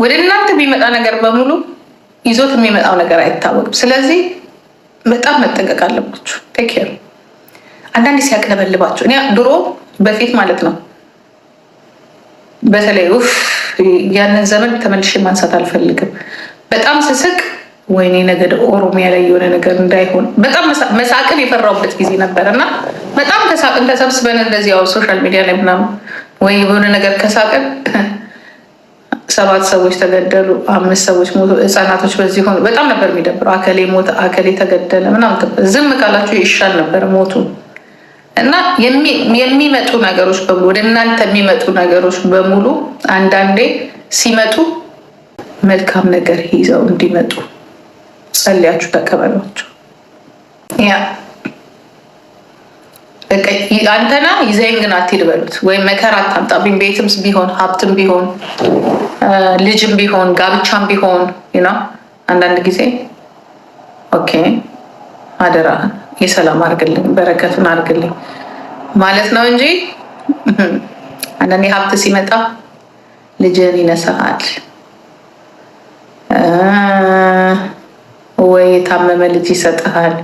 ወደ እናንተ የሚመጣ ነገር በሙሉ ይዞት የሚመጣው ነገር አይታወቅም። ስለዚህ በጣም መጠንቀቅ አለባችሁ። ቴክር አንዳንድ ሲያቅለበልባችሁ እኔ ድሮ በፊት ማለት ነው በተለይ ውፍ ያንን ዘመን ተመልሼ ማንሳት አልፈልግም። በጣም ስስቅ ወይኔ ነገ ኦሮሚያ ላይ የሆነ ነገር እንዳይሆን በጣም መሳቅን የፈራውበት ጊዜ ነበር እና በጣም ከሳቅን ተሰብስበን እንደዚህ ያው ሶሻል ሚዲያ ላይ ምናምን ወይ የሆነ ነገር ከሳቅን ሰባት ሰዎች ተገደሉ፣ አምስት ሰዎች ሞቱ፣ ህፃናቶች በዚህ ሆኑ። በጣም ነበር የሚደብረው። አከሌ ሞተ፣ አከሌ ተገደለ ምናምን። ዝም ካላችሁ ይሻል ነበር ሞቱ እና የሚመጡ ነገሮች በሙሉ ወደ እናንተ የሚመጡ ነገሮች በሙሉ አንዳንዴ ሲመጡ መልካም ነገር ይዘው እንዲመጡ ጸልያችሁ ተቀበሏቸው። አንተና ይዘኝ ግን አትሄድ በሉት፣ ወይም መከራ አታምጣብኝ። ቤትም ቢሆን ሀብትም ቢሆን ልጅም ቢሆን ጋብቻም ቢሆን ና አንዳንድ ጊዜ ኦኬ፣ አደራ የሰላም አርግልኝ በረከትን አርግልኝ ማለት ነው እንጂ አንዳንድ ሀብት ሲመጣ ልጅን ይነሳሃል ወይ የታመመ ልጅ ይሰጥሃል።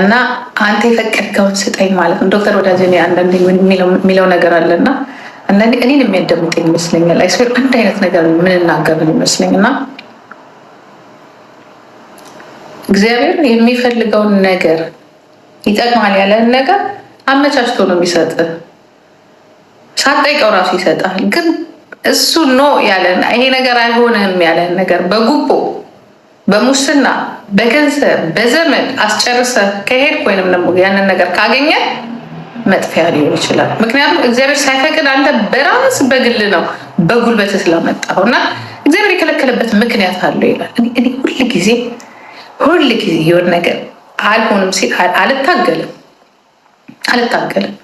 እና አንተ የፈቀድከውን ስጠኝ ማለት ነው። ዶክተር ወዳጅ አንዳንድ የሚለው ነገር አለና አንዳንዴ እኔን የሚያዳምጠኝ ይመስለኛል። አይስር አንድ አይነት ነገር ምንናገር ይመስለኝ እና እግዚአብሔር የሚፈልገውን ነገር ይጠቅማል ያለን ነገር አመቻችቶ ነው የሚሰጥ። ሳትጠይቀው ራሱ ይሰጣል። ግን እሱ ኖ ያለን ይሄ ነገር አይሆንም ያለን ነገር በጉቦ በሙስና በገንዘብ በዘመን አስጨርሰ ከሄድ ወይንም ደግሞ ያንን ነገር ካገኘ መጥፊያ ሊሆን ይችላል። ምክንያቱም እግዚአብሔር ሳይፈቅድ አንተ በራስ በግል ነው በጉልበት ስላመጣው እና እግዚአብሔር የከለከለበት ምክንያት አለው ይላል። እኔ ሁል ጊዜ ሁል ጊዜ የሆን ነገር አልሆንም ሲል አልታገልም አልታገልም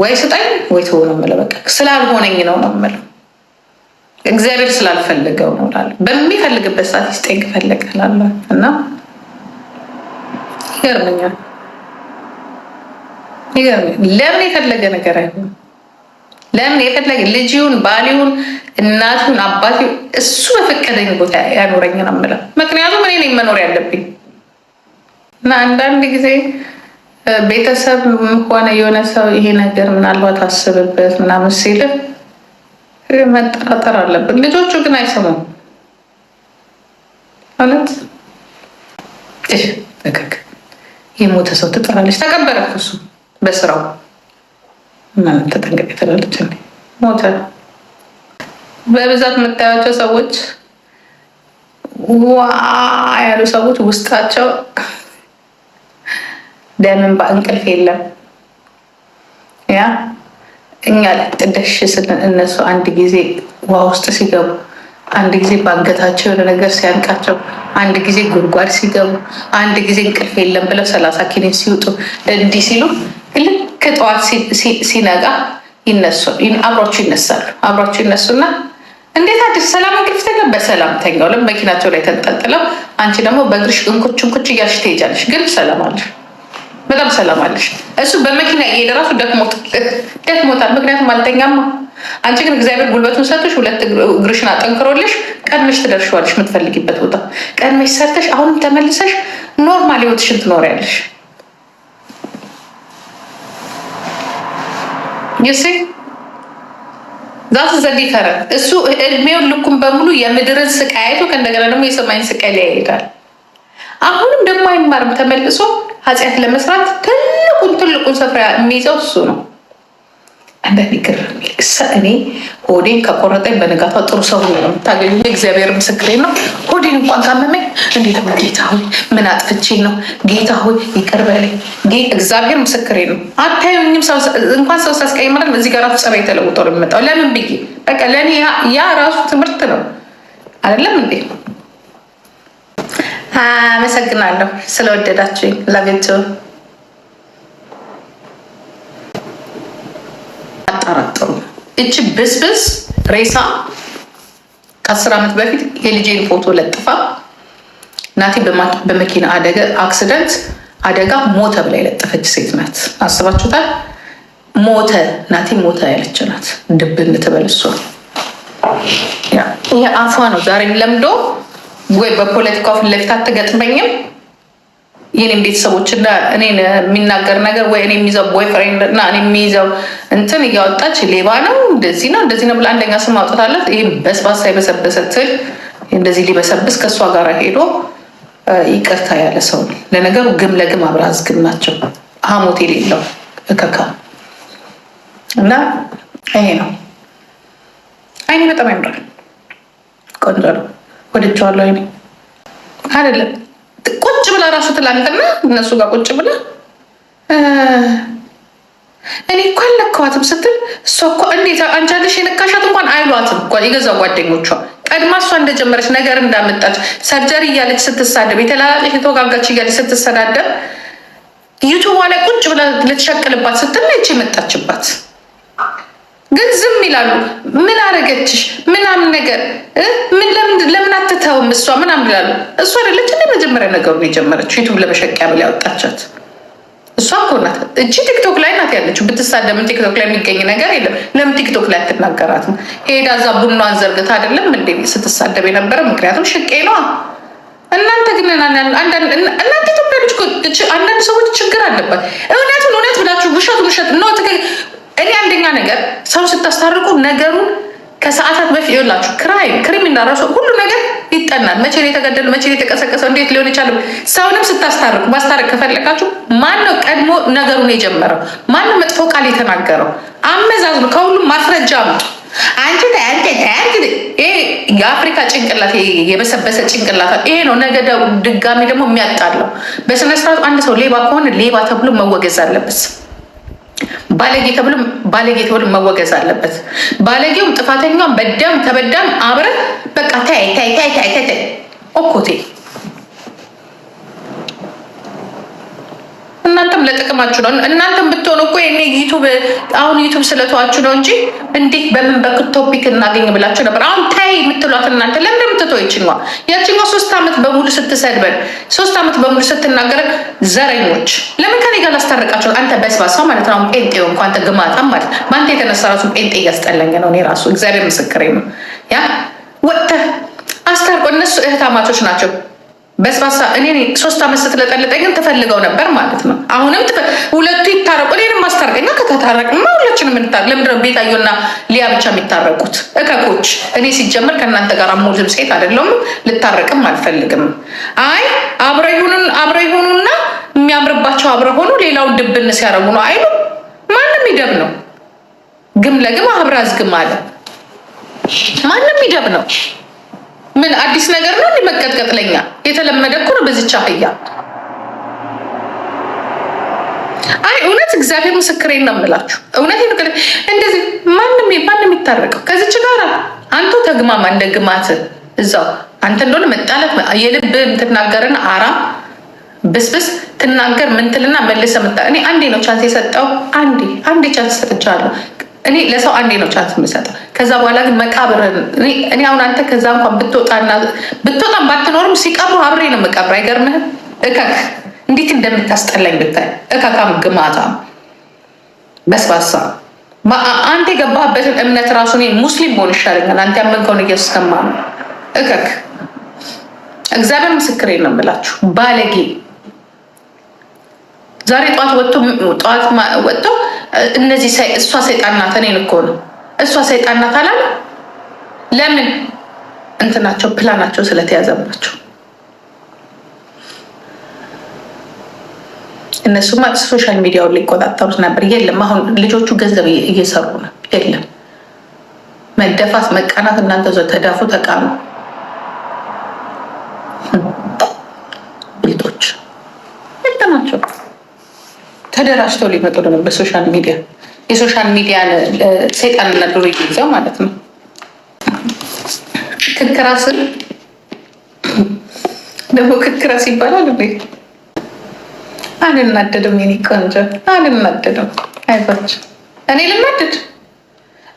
ወይ ስጠኝ ወይ ትሆን ምለ በቃ ስላልሆነኝ ነው ነው ምለው እግዚአብሔር ስላልፈለገው ነው ላለ በሚፈልግበት ሰዓት ይስጠኝ ከፈለገ እላለሁ እና ይገርመኛል ይገርመኛል። ለምን የፈለገ ነገር አይሆንም? ለምን የፈለገ ልጅውን፣ ባሊውን፣ እናቱን፣ አባት እሱ በፈቀደኝ ቦታ ያኖረኝ ነው የምለው። ምክንያቱም እኔ ነኝ መኖር ያለብኝ እና አንዳንድ ጊዜ ቤተሰብ ሆነ የሆነ ሰው ይሄ ነገር ምናልባት አስብበት ምናምን ሲልህ መጠራጠር አለብን። ልጆቹ ግን አይሰሙም ማለት የሞተ ሰው ትጠራለች። ተቀበረ እሱ በስራው ማለት ተጠንቀቅ ትላለች። ሞተ በብዛት የምታያቸው ሰዎች ዋ ያሉ ሰዎች ውስጣቸው ደምን በእንቅልፍ የለም ያ እኛ ጥደሽ ስንል እነሱ አንድ ጊዜ ውሃ ውስጥ ሲገቡ፣ አንድ ጊዜ ባንገታቸው የሆነ ነገር ሲያንቃቸው፣ አንድ ጊዜ ጉድጓድ ሲገቡ፣ አንድ ጊዜ እንቅልፍ የለም ብለው ሰላሳ ኪኒን ሲውጡ እንዲህ ሲሉ ልክ ጠዋት ሲነጋ ይነሱ አብሯችሁ ይነሳሉ። አብሯችሁ ይነሱና እንዴት አዲስ ሰላም እንቅልፍ ተኛ በሰላም ተኛው። መኪናቸው ላይ ተንጠልጥለው አንቺ ደግሞ በእግርሽ እንኩች እንኩች እያልሽ ትሄጃለሽ፣ ግን ሰላም አለሽ በጣም ሰላም አለሽ። እሱ በመኪና እየሄደ ራሱ ደክሞታል፣ ምክንያቱም አልተኛማ። አንቺ ግን እግዚአብሔር ጉልበቱን ሰጥቶሽ ሁለት እግርሽን አጠንክሮልሽ ቀድመሽ ትደርሸዋለሽ የምትፈልጊበት ቦታ። ቀድመሽ ሰርተሽ አሁንም ተመልሰሽ ኖርማል ህይወትሽን ትኖሪያለሽ። ይስ ዛት ዘዲፈረ እሱ እድሜውን ልኩም በሙሉ የምድርን ስቃይ አይቶ ከእንደገና ደግሞ የሰማይን ስቃይ ላይ ይሄዳል። አሁንም ደግሞ አይማርም ተመልሶ ኃጢአት ለመስራት ትልቁን ትልቁን ስፍራ የሚይዘው እሱ ነው። አንዳንድ ግር እኔ ሆዴን ከቆረጠኝ በነጋታው ጥሩ ሰው ነው የምታገኙ። እግዚአብሔር ምስክሬ ነው። ሆዴን እንኳን ካመመኝ እንዴት ነው ጌታ ሆይ ምን አጥፍቼ ነው ጌታ ሆይ ይቅር በለኝ። እግዚአብሔር ምስክሬ ነው። አታዩኝም እንኳን ሰው ሳስቀይ ማለት እዚህ ጋር ጸባ የተለውጠው ነው የሚመጣው። ለምን ብዬ በቃ ለእኔ ያ ራሱ ትምህርት ነው አይደለም እንዴ አመሰግናለሁ ስለወደዳችሁኝ። ለቤቱ አጠራጥሩ። እች ብስብስ ሬሳ ከአስር ዓመት በፊት የልጄን ፎቶ ለጥፋ እናቴ በመኪና አደገ አክሲደንት አደጋ ሞተ ብላ የለጠፈች ሴት ናት። አስባችሁታል? ሞተ እናቴ ሞተ ያለች ናት። ድብ እንትበል እሷ ይሄ አፏ ነው ዛሬም ለምዶ ወይ በፖለቲካው ፊት ለፊት አትገጥመኝም። የኔም ቤተሰቦች እና እኔን የሚናገር ነገር ወይ እኔ የሚይዘው ቦይፍሬንድ እና እኔ የሚይዘው እንትን እያወጣች ሌባ ነው እንደዚህ ነው እንደዚህ ነው ብላ አንደኛ ስም አውጥታለት ይህ በስባሳ የበሰበሰ ትል እንደዚህ ሊበሰብስ ከእሷ ጋር ሄዶ ይቅርታ ያለ ሰው ነው። ለነገሩ ግም ለግም አብራዝ ግም ናቸው። ሀሞት የሌለው እከካ እና ይሄ ነው። አይኔ በጣም ያምራል። ቆንጆ ነው። ወደቸዋለሁ። ይኔ አይደለም ቁጭ ብላ ራሱ ትላንትና እነሱ ጋር ቁጭ ብላ እኔ እኮ አልነካዋትም ስትል እሷ እኮ እንዴት አንቺ አለሽ የነካሻት እንኳን አይሏትም የገዛ ጓደኞቿ ቀድማ እሷ እንደጀመረች ነገር እንዳመጣች ሰርጀሪ እያለች ስትሳደብ የተላላጠች የተወጋጋች እያለች ስትሰዳደብ ዩቱቧ ላይ ቁጭ ብላ ልትሸቅልባት ስትል ነች የመጣችባት። ግን ዝም ይላሉ። ምን አረገችሽ ምናምን ነገር ምን ለምን አሁን እሷ ምናምን ይላሉ። እሷ አይደለች እንደ መጀመሪያ ነገሩን የጀመረችው ዩቱብ ለመሸቂያ ብላ ያወጣቻት እሷ እኮ ናት። እቺ ቲክቶክ ላይ ናት ያለችው። ብትሳደብም ቲክቶክ ላይ የሚገኝ ነገር የለም። ለምን ቲክቶክ ላይ አትናገራትም? ሄዳ እዛ ቡኗን ዘርግታ አይደለም እንደ ስትሳደብ የነበረ ምክንያቱም ሽቄ ነዋ። እናንተ ግን እናንተ ኢትዮጵያኖች አንዳንድ ሰዎች ችግር አለባት። እውነቱን እውነት ብላችሁ ውሸቱን ውሸት ነው። እኔ አንደኛ ነገር ሰው ስታስታርቁ ነገሩን ከሰዓታት በፊት ይላችሁ ክራይም ክሪም ራሱ ሁሉ ነገር ይጠናል። መቼ ነው የተገደሉ፣ መቼ ነው የተቀሰቀሰው፣ እንዴት ሊሆን ይቻሉ? ሰውንም ስታስታርቁ ማስታረቅ ከፈለጋችሁ ማን ነው ቀድሞ ነገሩን የጀመረው? ማን ነው መጥፎ ቃል የተናገረው? አመዛዝኑ፣ ከሁሉም ማስረጃ ነው። አንቺ ይሄ የአፍሪካ ጭንቅላት የበሰበሰ ጭንቅላት ይሄ ነው። ነገ ድጋሚ ደግሞ የሚያጣለው በስነስርዓቱ አንድ ሰው ሌባ ከሆነ ሌባ ተብሎ መወገዝ አለበት። ባለጌ ተብሎ ባለጌ ተብሎ መወገዝ አለበት። ባለጌውም ጥፋተኛውም በዳም ተበዳም አብረን በቃ ታይ ታይ ታይ ታይ ታይ ኦኮቴ እናንተም ለጥቅማችሁ ነው። እናንተም ብትሆኑ እኮ ኔ ዩቱብ አሁን ዩቱብ ስለተዋችሁ ነው እንጂ እንዴት በምን በክ ቶፒክ እናገኝ ብላችሁ ነበር። አሁን ታይ የምትሏት እናንተ ለምን ምትቶ ይችኛ ያችኛ ሶስት ዓመት በሙሉ ስትሰድበን፣ ሶስት ዓመት በሙሉ ስትናገር ዘረኞች ለምን ከኔ ጋር ላስታረቃቸው አንተ በስባሳ ማለት ነው። ጴንጤ ጴንጤው እንኳ አንተ ግማታም ማለት በአንተ የተነሳ ራሱ ጴንጤ እያስጠለኝ ነው። እኔ ራሱ እግዚአብሔር ምስክሬ ነው። ያ ወጥተህ አስታርቆ እነሱ እህታማቾች ናቸው። በስባሳ እኔ ሶስት አመት ስትለጠልጠኝ ግን ትፈልገው ነበር ማለት ነው። አሁንም ሁለቱ ይታረቁ፣ እኔንም ማስታርቀኛ ከተታረቅማ ሁላችንም እንታረቅ። ለምንድን ነው ቤታዮና ሊያ ብቻ የሚታረቁት? እከኮች እኔ ሲጀምር ከእናንተ ጋር ሙዝም ሴት አይደለሁም፣ ልታረቅም አልፈልግም። አይ አብረ ይሁኑና የሚያምርባቸው አብረ ሆኑ፣ ሌላውን ድብን ሲያረጉ ነው አይሉ ማንም ይደብ ነው። ግም ለግም አብራዝ ግም አለ ማንም ይደብ ነው። ምን አዲስ ነገር ነው? እንዲመቀጥቀጥ ለኛ የተለመደ እኮ ነው። በዚች አህያ አይ እውነት እግዚአብሔር ምስክሬን ነው የምላችሁ። እውነት እንደዚህ ማንም ማንም ይታረቀው ከዚች ጋር አንቱ ተግማማ እንደ ግማት እዛው አንተ እንደሆነ መጣላት የልብ የምትናገርን አራ ብስብስ ትናገር ምንትልና መልሰ ምታ እኔ አንዴ ነው ቻንስ የሰጠው አንዴ አንዴ ቻንስ ሰጥቻለሁ። እኔ ለሰው አንዴ ነው ቻንስ የምሰጠው። ከዛ በኋላ ግን መቃብርን እኔ አሁን አንተ ከዛ እንኳን ብትወጣና ብትወጣም ባትኖርም ሲቀብሩ አብሬ ነው መቃብር። አይገርምህም? እከክ እንዴት እንደምታስጠላኝ ብታይ። እከካም ግማታ በስባሳ አንተ የገባህበትን እምነት ራሱ እኔ ሙስሊም መሆን ይሻለኛል። አንተ ያመንከውን ኢየሱስ ከማ ነው እከክ። እግዚአብሔር ምስክሬ ነው የምላችሁ ባለጌ ዛሬ ጠዋት ወጥቶ እነዚህ እሷ ሰይጣን እኔን እኮ ነው እሷ ሰይጣን አላለ። ለምን እንትናቸው ፕላናቸው ስለተያዘባቸው እነሱማ ሶሻል ሚዲያውን ሊቆጣጠሩት ነበር። የለም አሁን ልጆቹ ገንዘብ እየሰሩ ነው። የለም መደፋት መቃናት፣ እናንተ ተዳፉ ተቃኑ። ተደራጅተው ሊመጡ ነው በሶሻል ሚዲያ የሶሻል ሚዲያ ሰይጣንና ዱር ይዘው ማለት ነው። ክክራስን ደግሞ ክክራስ ይባላል እ አልናደድም፣ የኔ ቆንጆ አልናደድም። አይባች እኔ ልናደድ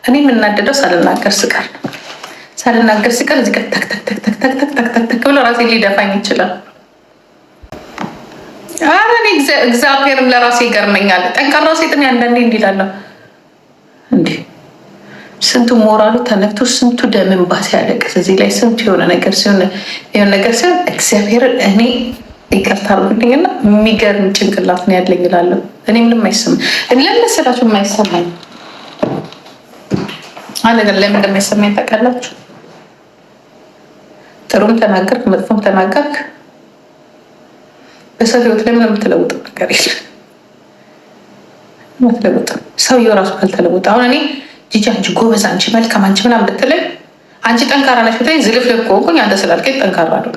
እኔ የምናደደው ሳልናገር ስቀር ሳልናገር ስቀር እዚህ ጋር ተክተክተክተክተክተክተክ ብሎ ራሴ ሊደፋኝ ይችላል። ኧረ እኔ እግዚአብሔርን ለራሴ ይገርመኛል። ጠንካራ ሴት እኔ አንዳንዴ እንዲላለሁ እንዴ ስንቱ ሞራሉ ተነክቶ ስንቱ ደም እንባ ሲያለቅስ እዚህ ላይ ስንቱ የሆነ ነገር ሲሆን የሆነ ነገር ሲሆን እግዚአብሔርን እኔ ይቅርታ አድርጉልኝና የሚገርም ጭንቅላት ነው ያለኝ እላለሁ። እኔ ምንም አይሰማኝ ለምን መሰላችሁ? የማይሰማኝ አንድ ነገር ለምን እንደማይሰማኝ ታውቃላችሁ? ጥሩም ተናገርክ መጥፎም ተናገርክ በሰው ህይወት ላይ ምንም የምትለውጠው ነገር የለም። አትለውጥም። ሰውየው ራሱ ካልተለወጠ አሁን እኔ ጂጂ አንቺ ጎበዝ፣ አንቺ መልካም፣ አንቺ ምናምን ብትለኝ አንቺ ጠንካራ ነች ብትለኝ ዝልፍልፍ ከሆንኩኝ አንተ ስላልከኝ ጠንካራ ነው።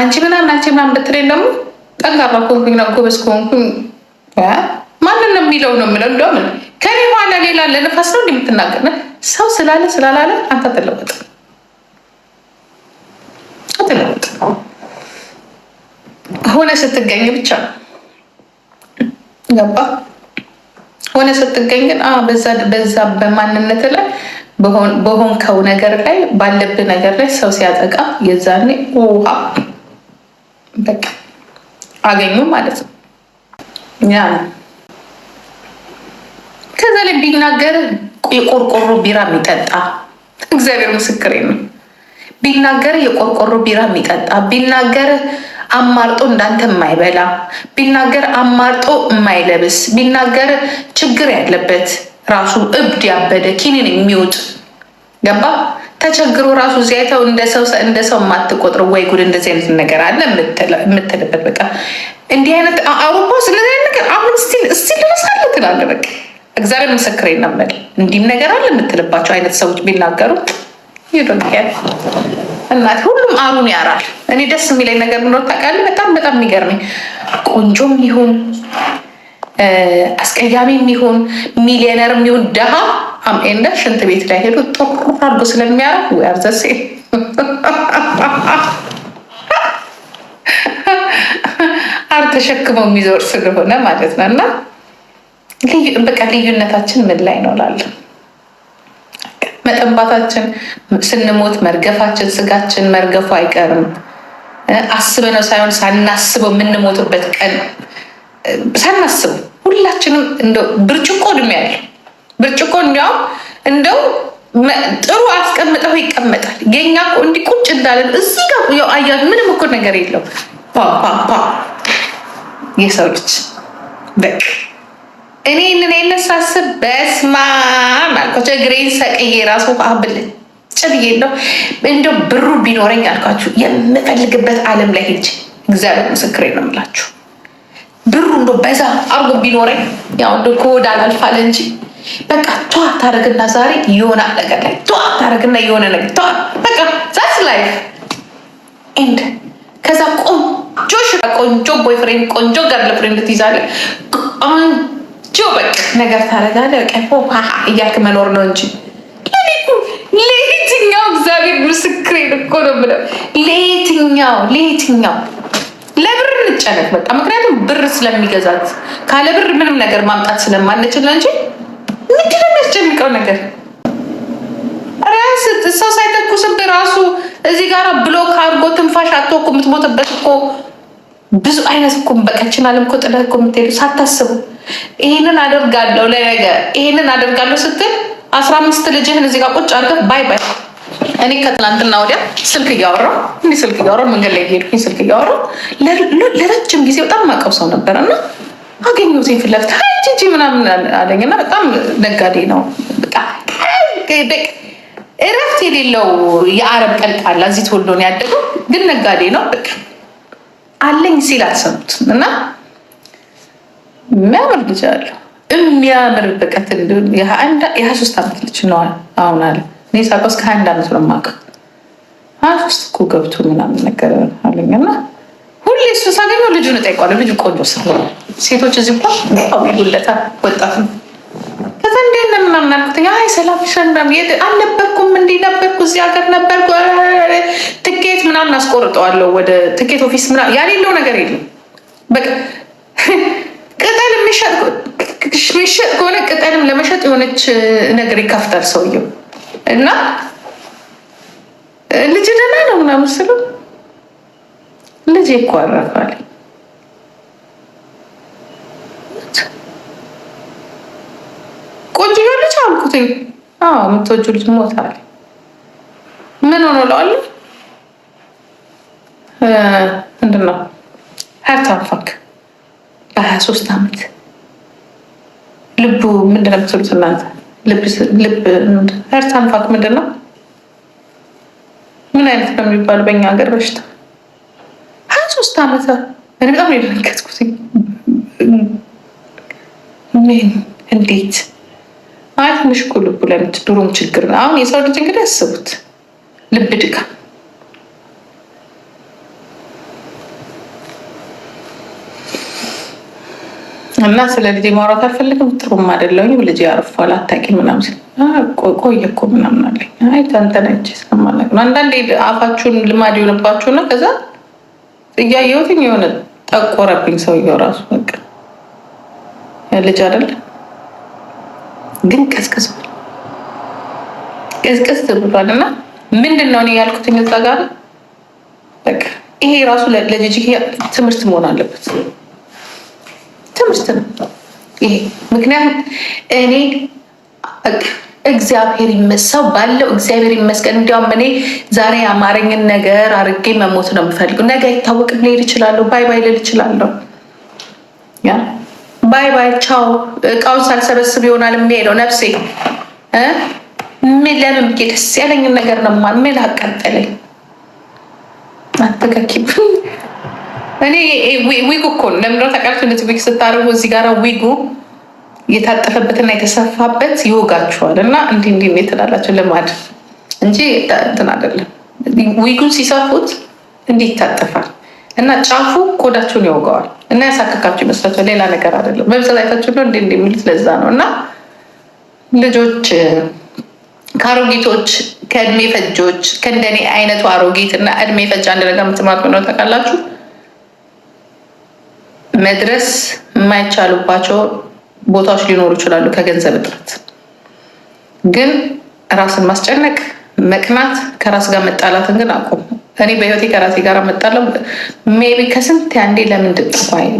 አንቺ ምናምን አንቺ ምናምን ብትለኝ ደግሞ ጠንካራ ከሆንኩኝ ጎበዝ ከሆንኩኝ ማንን ነው የሚለው ነው የምለው። እንደምን ከኔ በኋላ ሌላ ለነፋስ ነው እንደምትናገር ሰው ስላለ ስላላለ አንተ አትለወጥም። ሆነ ስትገኝ ብቻ ገባ ሆነ ስትገኝ ግን በዛ በማንነት ላይ በሆንከው ነገር ላይ ባለብህ ነገር ላይ ሰው ሲያጠቃ የዛኔ ውሃ በቃ አገኙ ማለት ነው። ያ ከዛ ላይ ቢናገር የቆርቆሮ ቢራ የሚጠጣ እግዚአብሔር ምስክሬ ነው። ቢናገር የቆርቆሮ ቢራ የሚጠጣ ቢናገር አማርጦ እንዳንተ የማይበላ ቢናገር አማርጦ የማይለብስ ቢናገር ችግር ያለበት ራሱ እብድ ያበደ ኪኒን የሚውጥ ገባ ተቸግሮ ራሱ እዚህ አይተው እንደ ሰው የማትቆጥረው ወይ ጉድ እንደዚህ አይነት ነገር አለ የምትልበት በቃ እንዲህ አይነት አውሮፓ ስለዚህ ነገር አሁን ስቲል ስቲል አለ ትላለ በቃ እግዚአብሔር ምስክሬ ይናመል እንዲህም ነገር አለ የምትልባቸው አይነት ሰዎች ቢናገሩ እናት ሁሉም አሉን ያራል። እኔ ደስ የሚለኝ ነገር ምኖ ታውቃለህ፣ በጣም በጣም የሚገርመኝ ቆንጆም ይሁን አስቀያሚም ይሁን ሚሊዮነርም ይሁን ደሃ አምኤለ ሽንት ቤት ላይ ሄዱ ጥሩ አድርጎ ስለሚያረግ ያርዘሴ አር ተሸክመው የሚዞር ስለሆነ ማለት ነው እና በቃ ልዩነታችን ምን ላይ ነው ይኖራለን? መጠባታችን፣ ስንሞት መርገፋችን፣ ስጋችን መርገፉ አይቀርም። አስበነው ሳይሆን ሳናስበው የምንሞትበት ቀን ሳናስበው ሁላችንም እንደው ብርጭቆ እድሜ ያለ ብርጭቆ እንዲያውም እንደው ጥሩ አስቀምጠው ይቀመጣል። የኛ እንዲ ቁጭ እንዳለን እዚህ ጋር አያ ምንም እኮ ነገር የለው ፓፓፓ የሰው ልጅ በቃ እኔ ንን የነሳስብ በስማ አልኳቸው። እግሬን ሰቅዬ ራሱ አብልን ጭብዬ ነው እንደ ብሩ ቢኖረኝ አልኳችሁ የምፈልግበት ዓለም ላይ ሄጅ እግዚአብሔር ምስክሬ ነው የምላችሁ ብሩ እንደ በዛ አርጎ ቢኖረኝ ያው እንደ ከወዳ አላልፋለ እንጂ በቃ ቷ ታደረግና ዛሬ የሆነ ነገር ላይ ቷ ታደረግና የሆነ ነገር ቷ በቃ ዛስ ላይፍ ኤንድ ከዛ ቆንጆ ሽራ ቆንጆ ቦይፍሬንድ ቆንጆ ጋርለፍሬንድ ትይዛለ ቆንጆ ጆ በቃ ነገር ታደርጋለህ ቀፎ እያልክ መኖር ነው እንጂ ለየትኛው እግዚአብሔር ምስክሬን እኮ ነው ብለው ለየትኛው ለየትኛው ለብር እንጨነቅ በቃ ምክንያቱም ብር ስለሚገዛት ካለ ብር ምንም ነገር ማምጣት ስለማንችል እንጂ ምንድን የሚያስጨንቀው ነገር ራስ ሰው ሳይተኩስብህ ራሱ እዚህ ጋር ብሎክ አድርጎ ትንፋሽ አቶ እኮ የምትሞትበት እኮ ብዙ አይነት እኮ በቀችን አለም እኮ ጥለት እኮ የምትሄዱ ሳታስቡ ይህንን አደርጋለሁ ለነገ ይህንን አደርጋለሁ ስትል አስራ አምስት ልጅህን እዚህ ጋር ቁጭ አድርገህ ባይ ባይ። እኔ ከትላንትና ወዲያ ስልክ እያወራሁ እንዲህ ስልክ እያወራሁ መንገድ ላይ እየሄድኩኝ ስልክ እያወራሁ ለረጅም ጊዜ በጣም ማቀብ ሰው ነበር እና አገኘሁት ፊት ለፊት ጂጂ ምናምን አለኝና በጣም ነጋዴ ነው በቃ እረፍት የሌለው የአረብ ቀልቃላ እዚህ ተወልዶ ነው ያደገው፣ ግን ነጋዴ ነው በቃ አለኝ ሲል አትሰሙትም። እና የሚያምር ልጅ አለ የሚያምር በቀት የሀያ ሶስት ዓመት ልጅ ነው አሁን አለ እኔ ሳውቀው እስከ ሀያ አንድ ዓመት ነው የማውቀው ሀያ ሶስት እኮ ገብቶ ምናምን ነገር አለኝ እና ሁሌ እሱን ሳገኘው ልጁን እጠይቀዋለሁ ልጁ ቆንጆ ስለሆነ ሴቶች እዚህ እንኳን ይሁለታ ወጣት ነው ከዛ እንዴ ነው ምናምን አልኩት። አይ ሰላም ሸንዳም አልነበርኩም፣ እንዲህ ነበርኩ፣ እዚህ ሀገር ነበርኩ፣ ትኬት ምናምን አስቆርጠዋለሁ ወደ ትኬት ኦፊስ ምናምን ያሌለው ነገር የለም። በቃ ቅጠል የሚሸጥ ከሆነ ቅጠልም ለመሸጥ የሆነች ነገር ይካፍታል ሰውየው እና ልጅ ደህና ነው ምናምን ስለው ልጅ ይኮ አልኩት። አዎ የምትወጁ ልጅ ሞታል። ምን ሆኖ ለዋለ ምንድን ነው ሀርት አታክ በሀያ ሶስት አመት ልቡ ምንድን ነው የምትሉት እናንተ? ልብ ሀርት ምንድን ነው? ምን አይነት ነው የሚባል በእኛ ሀገር በሽታ ሀያ ሶስት አመት እኔ በጣም የደነገጥኩት እንዴት ማለት ትንሽ ልቡ ለምት ችግር ነው። አሁን የሰው ልጅ እንግዲህ አስቡት፣ ልብ ድካ እና ስለ ልጅ ማውራት አልፈልግም፣ ጥሩም አይደለሁም፣ ልጅ ያርፏል አታቂ ምናም ቆየ እኮ ምናምን አለኝ። አይ ተንተነች ነው። አንዳንዴ አፋችሁን ልማድ የሆነባችሁና ከዛ እያየሁትኝ የሆነ ጠቆረብኝ ሰውየው ራሱ በቃ ልጅ አይደለም ግን ቀዝቅዟል፣ ቀዝቅዝ ብሏል። እና ምንድን ነው እኔ ያልኩትኝ እዛ ጋር ይሄ ራሱ ለጅጅ ትምህርት መሆን አለበት። ትምህርት ነው ይሄ። ምክንያቱም እኔ እግዚአብሔር ይመሰው ባለው እግዚአብሔር ይመስገን። እንዲያውም እኔ ዛሬ አማረኝን ነገር አርጌ መሞት ነው የምፈልገው። ነገ አይታወቅም፣ ልሄድ እችላለሁ፣ ባይ ባይ ልል እችላለሁ። ባይ ባይ ቻው። እቃውን ሳልሰበስብ ይሆናል የሚሄደው ነፍሴ። ለምን ብዬ ደስ ያለኝን ነገር ነው ምን አቀጠለኝ። አትከኪብ እኔ ዊጉ እኮ ለምድ ታውቃላችሁ? እንደዚህ ዊግ ስታደርጉ እዚህ ጋር ዊጉ የታጠፈበትና የተሰፋበት ይወጋችኋል። እና እንዲ እንዲ እንዴት ትላላችሁ? ልማድ እንጂ እንትን አይደለም። ዊጉን ሲሰፉት እንዲህ ይታጠፋል እና ጫፉ ቆዳቸውን ይወገዋል። እና ያሳክካችሁ ይመስላቸው ሌላ ነገር አይደለም። ዌብሳይታችሁ ነው እንዲ እንደሚሉት ለዛ ነው። እና ልጆች ከአሮጊቶች ከእድሜ ፈጆች ከእንደኔ አይነቱ አሮጊት እና እድሜ ፈጅ አንድ ነገር የምትማሩ ነው ታውቃላችሁ። መድረስ የማይቻሉባቸው ቦታዎች ሊኖሩ ይችላሉ ከገንዘብ እጥረት። ግን ራስን ማስጨነቅ፣ መቅናት፣ ከራስ ጋር መጣላትን ግን አቁም። እኔ በህይወቴ ከራሴ ጋር መጣለው ሜቢ ከስንት ያንዴ ለምንድን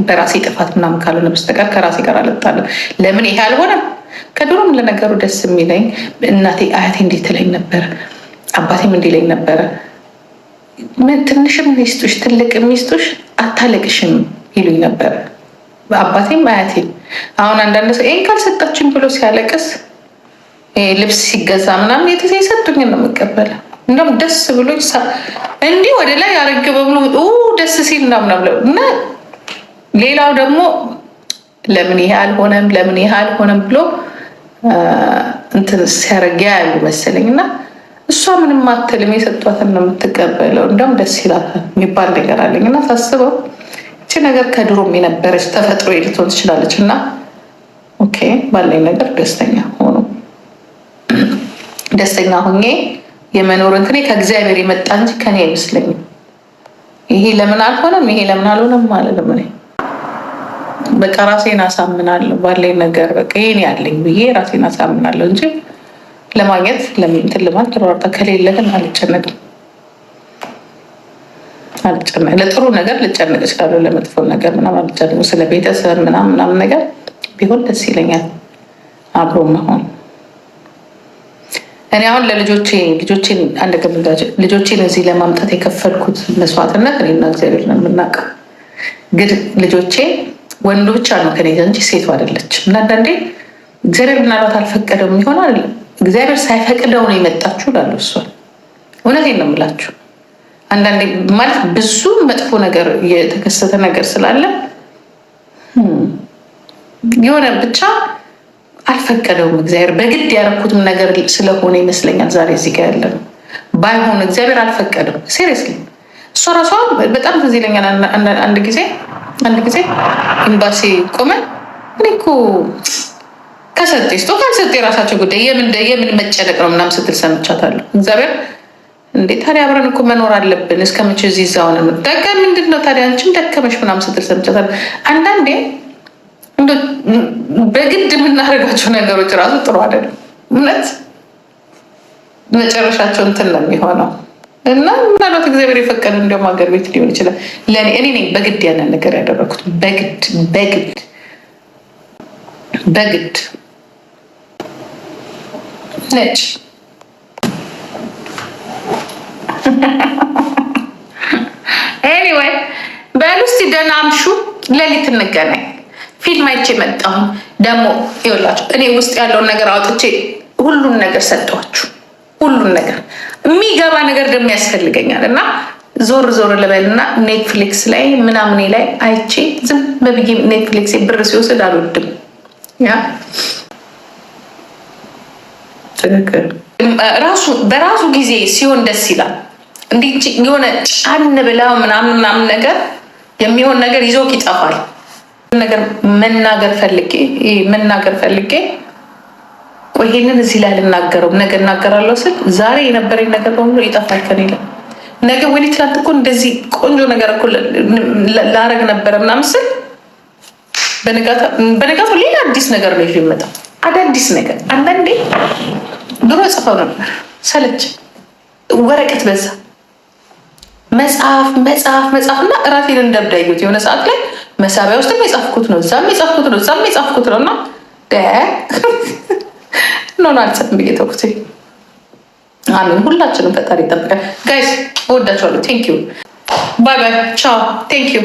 በራሴ ጥፋት ምናምን ካልሆነ በስተቀር ከራሴ ጋር አልጣለም። ለምን ይሄ አልሆነም? ከድሮም ለነገሩ ደስ የሚለኝ እናቴ አያቴ እንዴት ትለኝ ነበረ፣ አባቴም እንዲለኝ ነበረ። ትንሽም ሚስጡሽ ትልቅ ሚስጡሽ አታለቅሽም ይሉኝ ነበረ፣ አባቴም አያቴም። አሁን አንዳንድ ሰው ይህን ካልሰጣችን ብሎ ሲያለቅስ ልብስ ሲገዛ ምናምን የሰጡኝን ነው የምቀበለው እንደም ደስ ብሎ እንዲህ ወደ ላይ ያረገበ ብሎ ደስ ሲል ብለው እና ሌላው ደግሞ ለምን ይሄ አልሆነም ለምን ይሄ አልሆነም ብሎ እንትን ሲያረግ ያሉ መሰለኝ እና እሷ ምንም አትልም፣ የሰጧትን ነው የምትቀበለው። እንደም ደስ ይላታል የሚባል ነገር አለኝ እና ሳስበው ይቺ ነገር ከድሮም የነበረች ተፈጥሮ ልትሆን ትችላለች እና ኦኬ ባለኝ ነገር ደስተኛ ሆኖ ደስተኛ ሆኜ የመኖር እንትኔ ከእግዚአብሔር የመጣ እንጂ ከኔ አይመስለኝም። ይሄ ለምን አልሆነም፣ ይሄ ለምን አልሆነም አልልም። እኔ በቃ ራሴን አሳምናለሁ ባለኝ ነገር በቃ ይሄን ያለኝ ብዬ ራሴን አሳምናለሁ እንጂ ለማግኘት ለምንትን ልማት ተሯርጣ ከሌለ ግን አልጨነቅም። አልጨነቅም። ለጥሩ ነገር ልጨነቅ እችላለሁ፣ ለመጥፎ ነገር ምናምን አልጨነቅም። ስለ ቤተሰብ ምናምን ምናምን ነገር ቢሆን ደስ ይለኛል አብሮ መሆን እኔ አሁን ለልጆቼ ልጆቼን አንድ ልጆቼን እዚህ ለማምጣት የከፈልኩት መስዋዕትነት እኔና እግዚአብሔር ነው የምናውቀው። ግን ልጆቼ ወንዱ ብቻ ነው ከኔ እንጂ ሴቱ አይደለች። እና እግዚአብሔር ምናልባት አልፈቀደው የሚሆን እግዚአብሔር ሳይፈቅደው ነው የመጣችሁ ላሉ እሷል እውነቴን ነው የምላችሁ። አንዳንዴ ማለት ብዙ መጥፎ ነገር የተከሰተ ነገር ስላለ የሆነ ብቻ አልፈቀደውም እግዚአብሔር። በግድ ያደረኩትም ነገር ስለሆነ ይመስለኛል ዛሬ እዚህ ጋር ያለ ነው። ባይሆን እግዚአብሔር አልፈቀደም። ሴሪየስሊ እሷ ራሷ በጣም ትዝ ይለኛል። አንድ ጊዜ አንድ ጊዜ ኤምባሲ ቆመን እኔ እኮ ከሰጠ ስቶ ካልሰጠ የራሳቸው ጉዳይ የምን መጨነቅ ነው ምናምን ስትል ሰምቻታለሁ። እግዚአብሔር እንዴ ታዲያ አብረን እኮ መኖር አለብን እስከመቼ እዚህ እዛ ሆነ? ምንድን ነው ታዲያ አንቺም ደከመሽ ምናምን ስትል ሰምቻታለሁ አንዳንዴ በግድ የምናደርጋቸው ነገሮች ራሱ ጥሩ አይደለም። እምነት መጨረሻቸው እንትን ነው የሚሆነው እና ምናልባት እግዚአብሔር የፈቀደ እንዲያውም ሀገር ቤት ሊሆን ይችላል። ለእኔ እኔ በግድ ያንን ነገር ያደረግኩት በግድ በግድ በግድ ነጭ ኤኒዌይ በሉ እስኪ ደህና አምሹ። ሌሊት እንገናኝ። ፊልም አይቼ መጣሁ። ደግሞ ይኸውላችሁ እኔ ውስጥ ያለውን ነገር አውጥቼ ሁሉን ነገር ሰጠኋችሁ። ሁሉን ነገር የሚገባ ነገር ደግሞ ያስፈልገኛል እና ዞር ዞር ልበል እና ኔትፍሊክስ ላይ ምናምኔ ላይ አይቼ ዝም በብዬ ኔትፍሊክስ ብር ሲወስድ አልወድም። በራሱ ጊዜ ሲሆን ደስ ይላል። እንዲህ የሆነ ጫን ብለው ምናምን ምናምን ነገር የሚሆን ነገር ይዞክ ይጠፋል። ነገር መናገር ፈልጌ መናገር ፈልጌ ይሄንን እዚህ ላይ አልናገረውም፣ ነገ እናገራለሁ ስል ዛሬ የነበረኝ ነገር በሙሉ ይጠፋል ከኔ ላይ። ነገ ወይ ትናንት እኮ እንደዚህ ቆንጆ ነገር እኮ ላረግ ነበረ ምናምን ስል በነጋቱ ሌላ አዲስ ነገር ነው ይዤ አዳዲስ ነገር አንዳንዴ ድሮ ጽፈው ነበር ሰለች ወረቀት በዛ መጽሐፍ መጽሐፍ መጽሐፍ እና እራሴን እንደብዳየት የሆነ ሰዓት ላይ መሳቢያ ውስጥ የጻፍኩት ነው፣ እዛም የጻፍኩት ነው፣ እዛም የጻፍኩት ነው እና ኖን አልጽፍም ብዬ ተውኩት። አሚን ሁላችንም ፈጣሪ ይጠብቃል። ጋይስ እወዳችኋለሁ። ቴንክ ዩ ባይ ባይ ቻው። ቴንክ ዩ